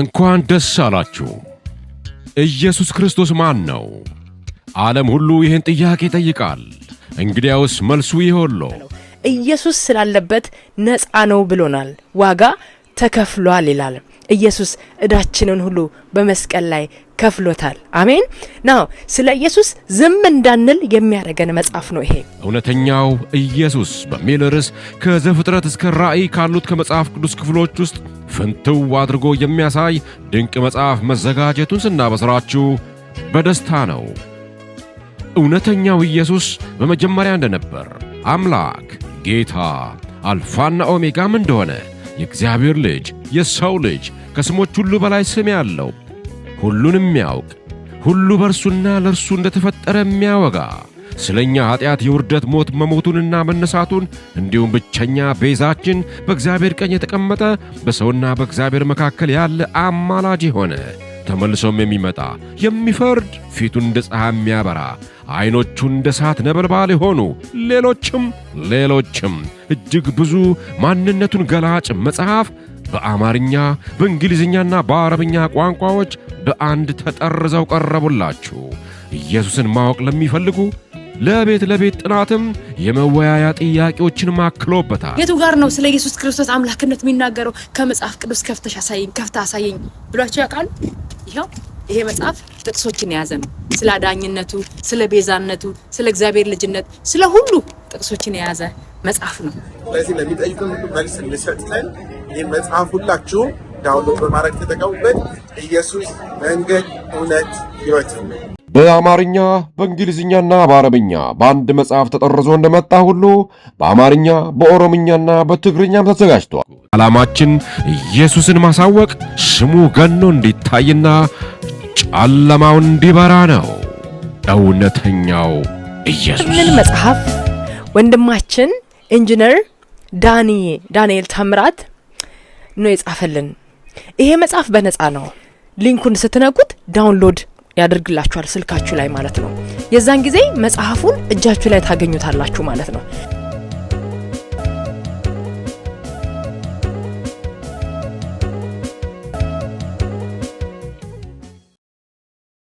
እንኳን ደስ አላችሁ። ኢየሱስ ክርስቶስ ማን ነው? ዓለም ሁሉ ይህን ጥያቄ ይጠይቃል። እንግዲያውስ መልሱ ይሆሎ ኢየሱስ ስላለበት ነፃ ነው ብሎናል። ዋጋ ተከፍሏል ይላል። ኢየሱስ እዳችንን ሁሉ በመስቀል ላይ ከፍሎታል። አሜን። ናው ስለ ኢየሱስ ዝም እንዳንል የሚያደርገን መጽሐፍ ነው ይሄ። እውነተኛው ኢየሱስ በሚል ርዕስ ከዘፍጥረት እስከ ራእይ ካሉት ከመጽሐፍ ቅዱስ ክፍሎች ውስጥ ፍንትው አድርጎ የሚያሳይ ድንቅ መጽሐፍ መዘጋጀቱን ስናበስራችሁ በደስታ ነው። እውነተኛው ኢየሱስ በመጀመሪያ እንደነበር አምላክ ጌታ አልፋና ኦሜጋም እንደሆነ የእግዚአብሔር ልጅ የሰው ልጅ ከስሞች ሁሉ በላይ ስም ያለው ሁሉን የሚያውቅ ሁሉ በእርሱና ለእርሱ እንደተፈጠረ የሚያወጋ ስለ እኛ የውርደት ሞት መሞቱንና መነሳቱን እንዲሁም ብቸኛ ቤዛችን በእግዚአብሔር ቀኝ የተቀመጠ በሰውና በእግዚአብሔር መካከል ያለ አማላጅ የሆነ ተመልሶም የሚመጣ የሚፈርድ ፊቱን እንደ ፀሐይ የሚያበራ ዐይኖቹ እንደ እሳት ነበልባል የሆኑ ሌሎችም ሌሎችም እጅግ ብዙ ማንነቱን ገላጭ መጽሐፍ በአማርኛ በእንግሊዝኛና በአረብኛ ቋንቋዎች በአንድ ተጠርዘው ቀረቡላችሁ። ኢየሱስን ማወቅ ለሚፈልጉ ለቤት ለቤት ጥናትም የመወያያ ጥያቄዎችን ማክሎበታል። የቱ ጋር ነው ስለ ኢየሱስ ክርስቶስ አምላክነት የሚናገረው? ከመጽሐፍ ቅዱስ ከፍተሽ አሳየኝ፣ ከፍተ አሳየኝ ብሏቸው ያውቃሉ? ይኸው ይሄ መጽሐፍ ጥቅሶችን የያዘ ነው። ስለ አዳኝነቱ፣ ስለ ቤዛነቱ፣ ስለ እግዚአብሔር ልጅነት፣ ስለ ሁሉ ጥቅሶችን የያዘ መጽሐፍ ነው። ስለዚህ ለሚጠይቁን መልስ ይህ መጽሐፍ ሁላችሁ ዳውንሎድ በማድረግ ተጠቀሙበት። ኢየሱስ መንገድ፣ እውነት፣ ህይወት ነው። በአማርኛ በእንግሊዝኛና በአረብኛ በአንድ መጽሐፍ ተጠርዞ እንደመጣ ሁሉ በአማርኛ በኦሮምኛና በትግርኛም ተዘጋጅቷል። ዓላማችን ኢየሱስን ማሳወቅ፣ ስሙ ገኖ እንዲታይና ጨለማው እንዲበራ ነው። እውነተኛው ኢየሱስ ምን መጽሐፍ ወንድማችን ኢንጂነር ዳኒ ዳንኤል ታምራት ነው የጻፈልን። ይሄ መጽሐፍ በነፃ ነው። ሊንኩን ስትነኩት ዳውንሎድ ያደርግላችኋል ስልካችሁ ላይ ማለት ነው። የዛን ጊዜ መጽሐፉን እጃችሁ ላይ ታገኙታላችሁ ማለት ነው።